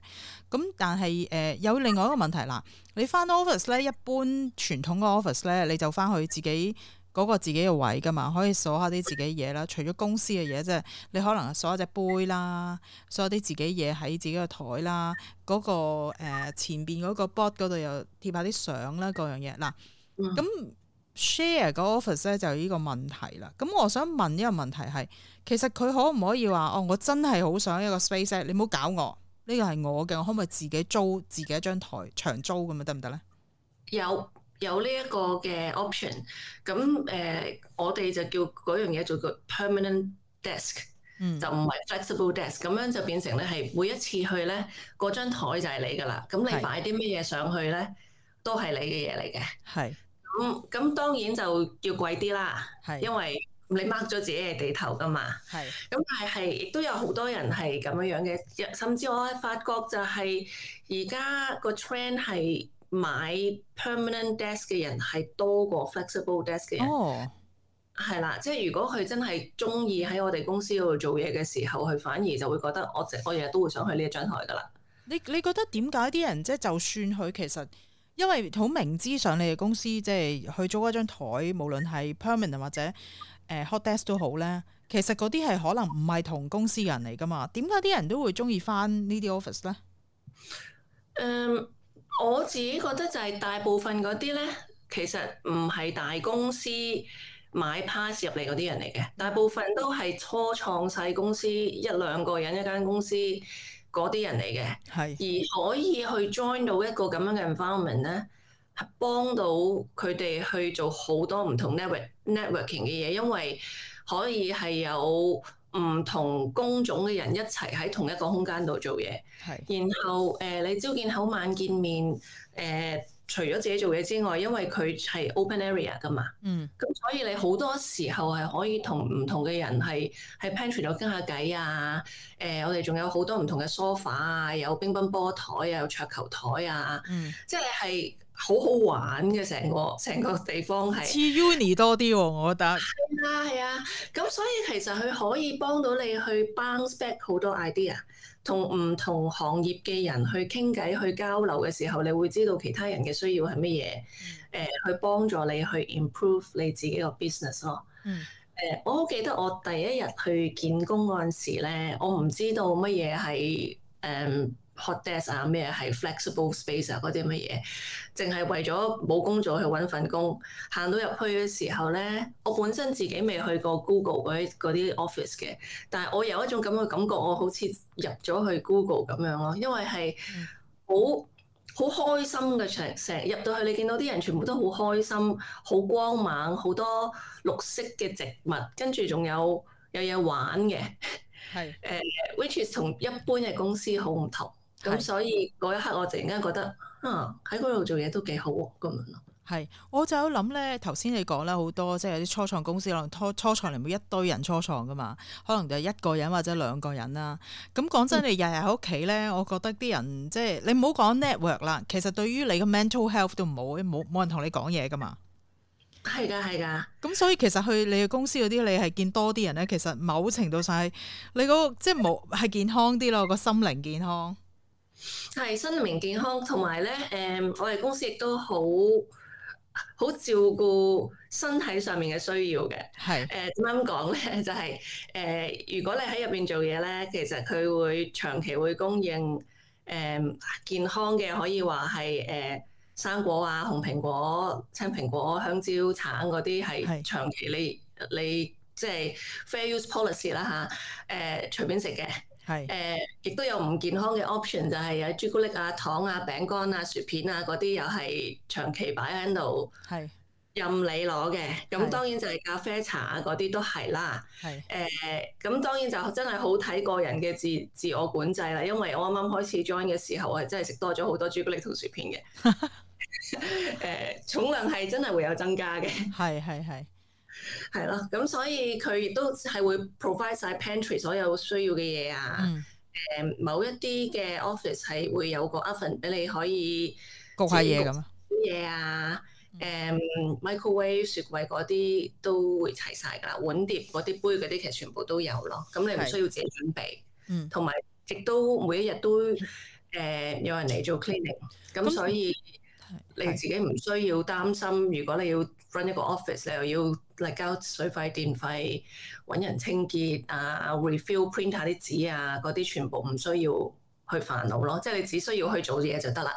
咁但係誒、呃、有另外一個問題嗱。你翻 office 咧，一般傳統個 office 咧，你就翻去自己嗰個自己嘅位噶嘛，可以鎖下啲自己嘢啦。除咗公司嘅嘢啫，你可能鎖隻杯啦，鎖啲自己嘢喺自己嘅台啦。嗰、嗰個、呃、前邊嗰個 board 嗰度又貼下啲相啦，各樣嘢嗱。咁 share 個 office 咧就呢個問題啦。咁我想問一個問題係，其實佢可唔可以話哦？我真係好想一個 space，你唔好搞我。呢個係我嘅，我可唔可以自己租自己一張台長租咁樣得唔得咧？有有呢一個嘅 option？咁誒我哋就叫嗰樣嘢叫做 permanent desk，、嗯、就唔係 flexible desk。咁樣就變成咧係每一次去咧嗰張台就係你㗎喇，咁你擺啲咩嘢上去咧是都係你嘅嘢嚟嘅。係是，咁咁當然就叫貴啲啦，是因為。你掹咗自己嘅地頭㗎嘛？係是。咁但係亦都有好多人係咁樣樣嘅。甚至我係發覺就係而家個 trend 係買 permanent desk 嘅人係多過 flexible desk 嘅人。哦。係啦，即係如果佢真係中意喺我哋公司嗰度做嘢嘅時候，佢反而就會覺得我日我日日都會想去呢一張台㗎啦。你你覺得點解啲人，即係就算佢其實因為好明知上你哋公司，即係去租一張台，無論係 permanent 或者？誒 hot desk 都好咧，其實嗰啲係可能唔係同公司人嚟㗎嘛？點解啲人都會鍾意返呢啲 office 咧？誒，我自己覺得就係大部分嗰啲咧，其實唔係大公司買 pass 入嚟嗰啲人嚟嘅，大部分都係初創細公司一兩個人一間公司嗰啲人嚟嘅，係而可以去 join 到一個咁樣嘅 environment 咧。幫到佢哋去做好多唔同 network networking 嘅嘢，因為可以係有唔同工種嘅人一齊喺同一個空間度做嘢。係的，然後誒、呃、你朝見口晚見面誒、呃，除咗自己做嘢之外，因為佢係 open area 㗎嘛。嗯。咁所以你好多時候係可以同唔同嘅人係喺 pantry 度傾下偈啊。誒、呃，我哋仲有好多唔同嘅 sofa 啊，有乒乓波台啊，有桌球台啊。嗯。即係係。好好玩嘅，成個成個地方係似 Uni 多啲，啊，我覺得係啊係啊，咁、啊、所以其實佢可以幫到你去 bounce back 好多 idea，同唔同行業嘅人去傾偈去交流嘅時候，你會知道其他人嘅需要係乜嘢，誒、mm hmm. 呃、去幫助你去 improve 你自己個 business 咯。誒、mm hmm. 呃，我好記得我第一日去見工嗰陣時咧，我唔知道乜嘢係誒。嗯 Hot desk 啊咩係 flexible space 啊嗰啲乜嘢，淨係為咗冇工作去揾份工，行到入去嘅時候咧，我本身自己未去過 Google 嗰啲啲 office 嘅，但係我有一種咁嘅感覺，我好似入咗去 Google 咁樣咯，因為係好好開心嘅場，成日入到去你見到啲人全部都好開心，好光猛，好多綠色嘅植物，是 [LAUGHS] uh, 跟住仲有有嘢玩嘅，係誒，which is 同一般嘅公司好唔同。咁、嗯、是所以嗰一刻，我突然間覺得，嗯、喺嗰度做嘢都幾好咁樣咯。係，我就呢有諗咧。頭先你講啦，好多即係有啲初創公司咯，初初創嚟咪一堆人初創噶嘛。可能就一個人或者兩個人啦、啊。咁講真，你日日喺屋企咧，嗯、我覺得啲人即係你唔好講 network 啦。其實對於你嘅 mental health 都唔好，冇冇人同你講嘢噶嘛。係噶，係噶。咁所以其實去你嘅公司嗰啲，你係見多啲人咧。其實某程度上係你嗰、嗰個即係冇係健康啲咯，個 [LAUGHS] 心靈健康。係生命健康，同埋咧，誒、呃，我哋公司亦都好好照顧身體上面嘅需要嘅。係誒是，啱講咧，就係、是、誒、呃，如果你喺入邊做嘢咧，其實佢會長期會供應誒、呃、健康嘅，可以話係誒生果啊，紅蘋果、青蘋果、香蕉、橙嗰啲係長期你是你即係、就是、fair use policy 啦、呃、嚇，誒隨便食嘅。係誒，亦是、呃、都有唔健康嘅 option，就係有朱古力啊、糖啊、餅乾啊、薯片啊嗰啲，又係長期擺喺度，係任你攞嘅。咁是當然就係咖啡茶啊嗰啲都係啦。係誒是，咁、呃、當然就真係好睇個人嘅自自我管制啦。因為我啱啱開始 join 嘅時候，我係真係食多咗好多朱古力同薯片嘅。誒、 [LAUGHS] [LAUGHS] 呃，重量係真係會有增加嘅。係係係。係咯，咁所以佢亦都係會 provide 晒 pantry 所有需要嘅嘢啊，誒、嗯嗯嗯、某一啲嘅 office 係會有個 oven 俾你可以焗下嘢咁，煮嘢啊，誒 microwave、嗯、雪櫃嗰啲都會齊晒噶啦，碗碟嗰啲杯嗰啲其實全部都有咯，咁你唔需要自己準備，同埋亦都每一日都誒、呃、有人嚟做 cleaning，咁所以你自己唔需要擔心，如果你要 run 一個 office 你又要嚟交水費、電費、揾人清潔啊、refill printer 啲紙啊，嗰啲全部唔需要去煩惱咯，即係你只需要去做嘢就得啦。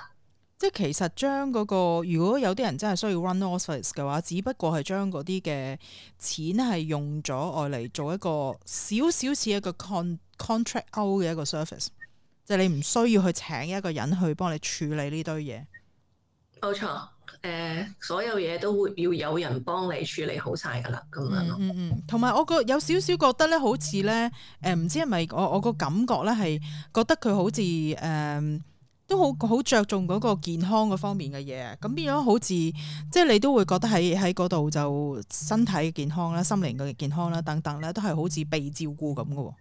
即係其實將嗰個如果有啲人真係需要 run office 嘅話，只不過係將嗰啲嘅錢係用咗嚟做一個少少似一個 con contract out 嘅一個 service，即係你唔需要去請一個人去幫你處理呢堆嘢。冇錯。誒、呃，所有嘢都會要有人幫你處理好晒噶啦，咁樣咯、嗯。嗯嗯，同埋我個有少少覺得咧，點點得好似咧，誒、呃，唔知係咪我我個感覺咧，係覺得佢好似誒、呃，都好好着重嗰個健康方面嘅嘢啊。咁變咗好似，即係你都會覺得喺喺嗰度就身體嘅健康啦、心靈嘅健康啦等等咧，都係好似被照顧咁噶。誒、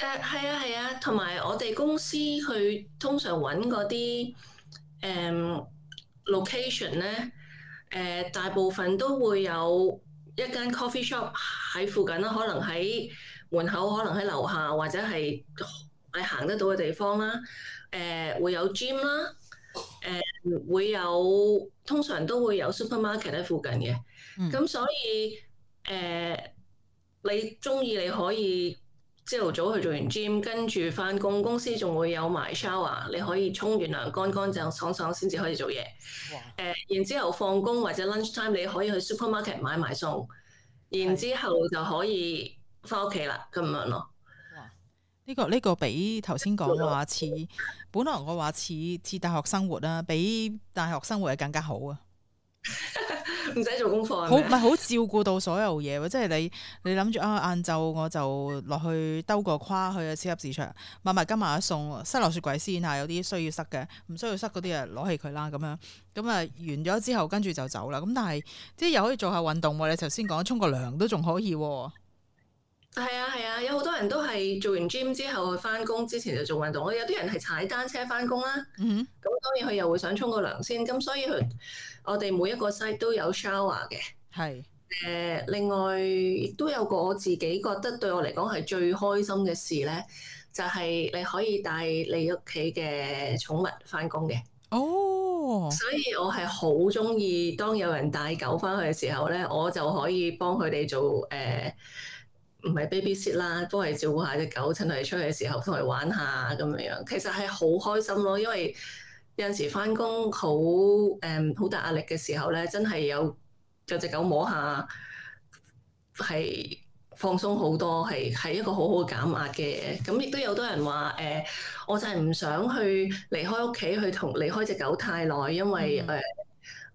呃，係啊係啊，同埋、啊、我哋公司去通常搵嗰啲誒。呃 Location 咧，誒、呃、大部分都會有一間 coffee shop 喺附近啦，可能喺門口，可能喺樓下，或者係你行得到嘅地方啦。誒、呃、會有 gym 啦、呃，誒會有通常都會有 supermarket 喺附近嘅，咁、嗯、所以誒、呃、你鍾意你可以，朝頭早去做完 gym，跟住翻工，公司仲會有埋 shower，你可以沖完涼乾乾淨爽爽先至可以做嘢。誒 Wow.、呃，然之後放工或者 lunch time 你可以去 supermarket 買埋餸，然之後就可以翻屋企啦，咁樣咯。呢、這個呢、這個比頭先講話似， [LAUGHS] 本來我話似似大學生活啦，比大學生活係更加好啊。 [LAUGHS] 唔使做功課啊！ [LAUGHS] 好唔係好照顧到所有嘢喎，即係你你諗住啊晏晝我就落去兜個跨去啊超級市場買埋今晚嘅餸，塞落雪櫃先啊，有啲需要塞嘅，唔需要塞嗰啲啊攞起佢啦咁樣，咁啊完咗之後跟住就走啦。咁但係即係又可以做下運動喎，你頭先講沖個涼都仲可以喎、啊。係啊係啊，有好多人都係做完 gym 之後去翻工，之前就做運動。我有啲人係踩單車翻工啦，咁、mm hmm. 當然佢又會想沖個涼先。咁所以佢，我哋每一個 site 都有 shower 嘅。係誒是、呃，另外都有個我自己覺得對我嚟講係最開心嘅事咧，就係、是、你可以帶你屋企嘅寵物翻工嘅。哦，oh. 所以我係好中意，當有人帶狗翻去嘅時候咧，我就可以幫佢哋做誒。呃唔係 baby sit 啦，都係照顧下隻狗，趁佢哋出去嘅時候同佢玩下咁樣樣，其實係好開心咯。因為有陣時翻工好誒好大壓力嘅時候咧，真係有有隻狗摸下係放鬆好多，係係一個好好減壓嘅嘢。咁亦都有多人話誒、欸，我就係唔想去離開屋企去同離開隻狗太耐，因為誒。嗯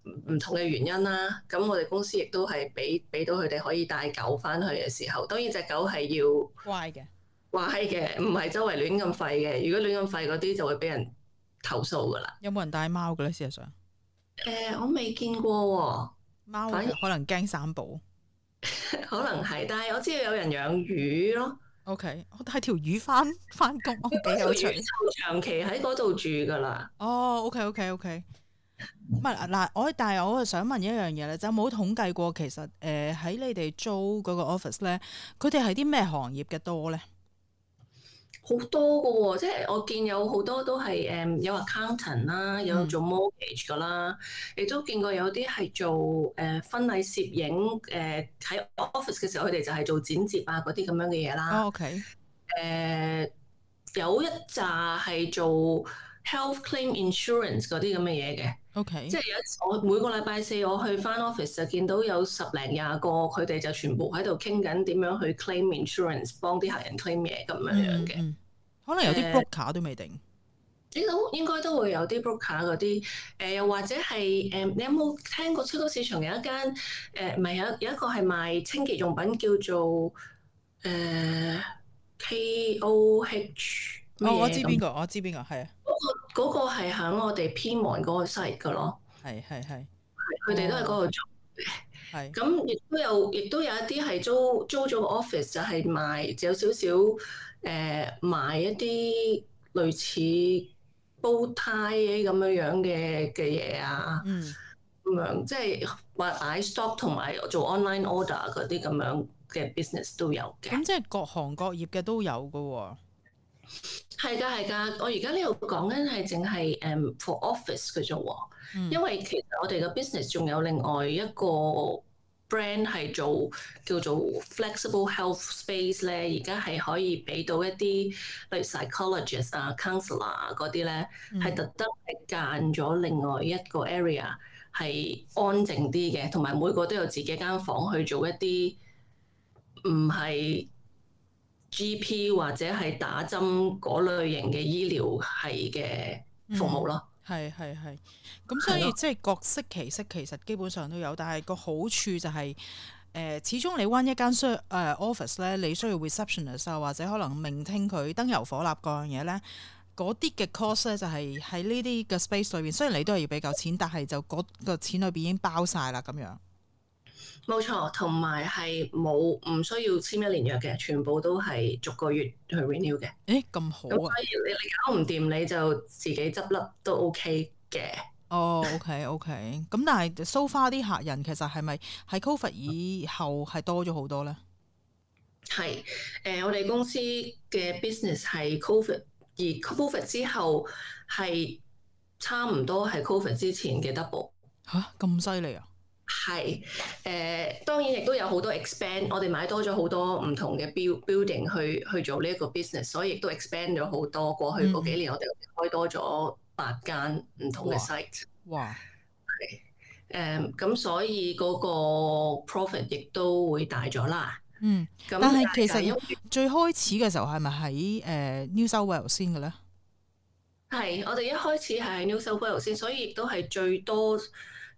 唔同嘅原因啦，咁我哋公司亦都係俾俾到佢哋可以帶狗翻去嘅時候，當然隻狗係要乖嘅的，壞嘅，唔係周圍亂咁吠嘅。如果亂咁吠嗰啲就會俾人投訴噶啦。有冇人帶貓嘅咧？事實上，誒、呃，我未見過、哦，貓是正可能驚散步， [LAUGHS] 可能係。但係我知道有人養魚咯。O、okay. K，我帶條魚翻翻工，我幾有趣， [LAUGHS] 長期喺嗰度住噶啦。哦，O K，O K，O K。唔係嗱，但我但係我啊想問一樣嘢咧，就冇統計過，其實誒喺、呃、你哋租嗰個 office 咧，佢哋係啲咩行業嘅多咧？好多噶、哦，即係我見有好多都係誒、呃、有 accountant 啦，有做 mortgage 噶啦，亦、嗯、都見過有啲係做誒、呃、婚禮攝影，誒、呃、喺 office 嘅時候佢哋就係做剪接啊嗰啲咁樣嘅嘢啦。O K，誒有一紮係做 health claim insurance 嗰啲咁嘅嘢嘅。OK，即係有次，我每個禮拜四我去返 office 就見到有十零廿個，佢哋就全部喺度傾緊點樣去 claim insurance，幫啲客人 claim 嘢咁樣樣嘅、嗯嗯。可能有啲 broker 都未定。呢度應該都會有啲 broker 嗰啲，誒、呃、又或者係誒、呃，你有冇聽過出嗰市場有一間誒，唔係有有一個係賣清潔用品叫做誒 KOH。呃 k o、H, 哦，我知邊個，我知邊個，係啊。嗰個係喺我哋偏門嗰個 site 嘅咯，係係係，佢一哋都係嗰度租嘅，係。咁一亦都有，亦都有一啲係租租咗 office 就係賣，有少少誒賣、呃、一啲類似煲胎咁樣、啊嗯、樣嘅嘅嘢啊，嗯，咁樣即係話擺 stock 同埋做 online order 嗰啲咁樣嘅 business 都有嘅。咁即係各行各業嘅都有嘅喎。係噶係噶，我而家呢度講緊係淨係誒 for office 嘅啫喎，嗯、因為其實我哋嘅 business 仲有另外一個 brand 係做叫做 flexible health space 咧，而家係可以俾到一啲例如 psychologist 啊、uh、counselor 嗰啲咧，係特登間咗另外一個 area 係安靜啲嘅，同埋每個都有自己間房去做一啲唔係。GP 或者係打針嗰類型嘅醫療係嘅服務咯，係係係。咁所以的即係各式其式，其實基本上都有，但係個好處就係、是、誒、呃，始終你揾一間商誒 office 咧，你需要 receptionist 啊，或者可能 maintain 佢燈油火蠟嗰樣嘢咧，嗰啲嘅 cost 咧就係喺呢啲嘅 space 裏邊。雖然你都係要俾嚿錢，但係就嗰個錢裏邊已經包晒啦咁樣。冇錯，同埋係冇唔需要簽一年約嘅，全部都係逐個月去 renew 嘅。誒咁好啊！咁所以你搞唔掂，你就自己執笠都 OK 嘅。哦、oh，OK OK。咁 [LAUGHS] 但係、so far 啲客人，其實係咪喺 COVID 以後係多咗好多咧？係誒、呃，我哋公司嘅 business 係 COVID 而 COVID 之後係差唔多係 COVID 之前嘅 double。吓，咁犀利啊！係，誒、呃、當然亦都有好多 expand，、嗯、我哋買多咗好多唔同嘅 building 去去做呢一個 business，所以亦都 expand 咗好多。過去嗰幾年我哋開多咗八間唔同嘅 site 哇。哇！係咁、呃、所以嗰個 profit 亦都會大咗啦。嗯，但係其實為最開始嘅時候係咪喺誒 New South Wales 先嘅咧？係，我哋一開始係喺 New South Wales 先，所以亦都係最多。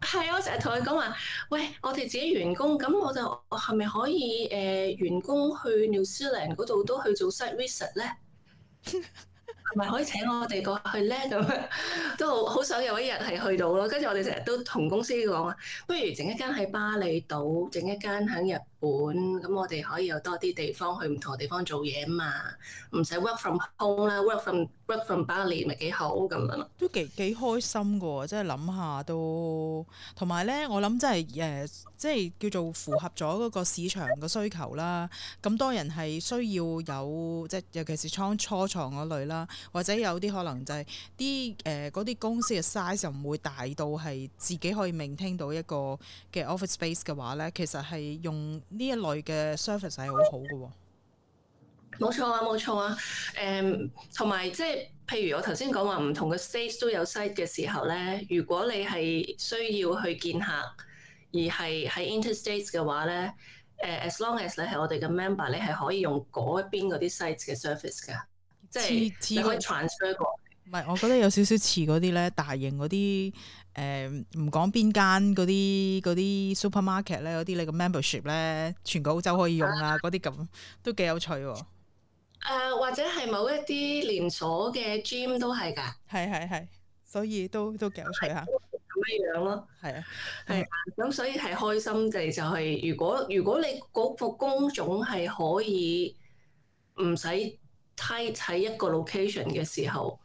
係啊，我成日同佢講話，喂，我哋自己員工，咁我就係咪可以誒、呃、員工去 New Zealand 嗰度都去做 site s i t e visit 咧？係咪可以請我哋過去咧？咁 [LAUGHS] 都好想有一日係去到咯。跟住我哋成日都同公司講啊，不如整一間喺巴厘島，整一間喺入本咁、嗯、我哋可以有多啲地方去唔同嘅地方做嘢啊嘛，唔使 work from home 啦，work from work from Bali 咪幾好咁樣咯，都幾幾開心噶喎、哦，即係諗下都，同埋咧我諗真係誒，即、呃、係叫做符合咗嗰個市場嘅需求啦，咁多人係需要有即係尤其是倉初創嗰類啦，或者有啲可能就係啲誒嗰啲公司嘅 size 又唔會大到係自己可以 maintain 到一個嘅 office space 嘅話咧，其實係用。呢一類嘅 service 係好好嘅喎，冇錯啊，冇錯啊，誒、um，同埋即係譬如我頭先講話唔同嘅 state 都有 site 嘅時候咧，如果你係需要去見客而係喺 interstate 嘅話咧，誒 as long as 你係我哋嘅 member，你係可以用嗰一邊嗰啲 site 嘅 service 噶。即係你可以 transfer 過。唔係，我覺得有少少似嗰啲咧，大型嗰啲。 [LAUGHS] 誒，唔講邊間嗰啲啲 supermarket 咧，有啲你個 membership 咧，全個澳洲可以用啊，嗰啲咁都幾有趣喎。誒、啊，或者係某一啲連鎖嘅 gym 都係噶。係係係，所以都都幾有趣下。咁樣咯。係啊。係。咁所以係開心嘅就係、是，如果如果你嗰個工種係可以唔使 tie 喺一個 location 嘅時候，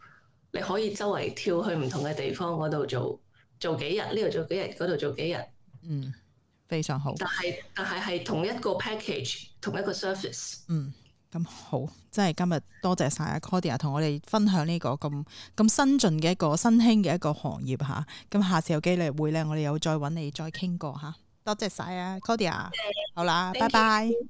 你可以周圍跳去唔同嘅地方嗰度做。做幾日呢度做幾日，嗰度做幾日，幾日嗯，非常好。但係但係係同一個 package，同一個 service 嗯，咁好，即係今日多謝晒啊，Claudia 同我哋分享呢個咁咁新進嘅一個新興嘅一個行業嚇。咁、啊、下次有機會呢，我哋又再揾你再傾過嚇。多、啊、謝晒啊，Claudia 好啦，拜拜 thank you。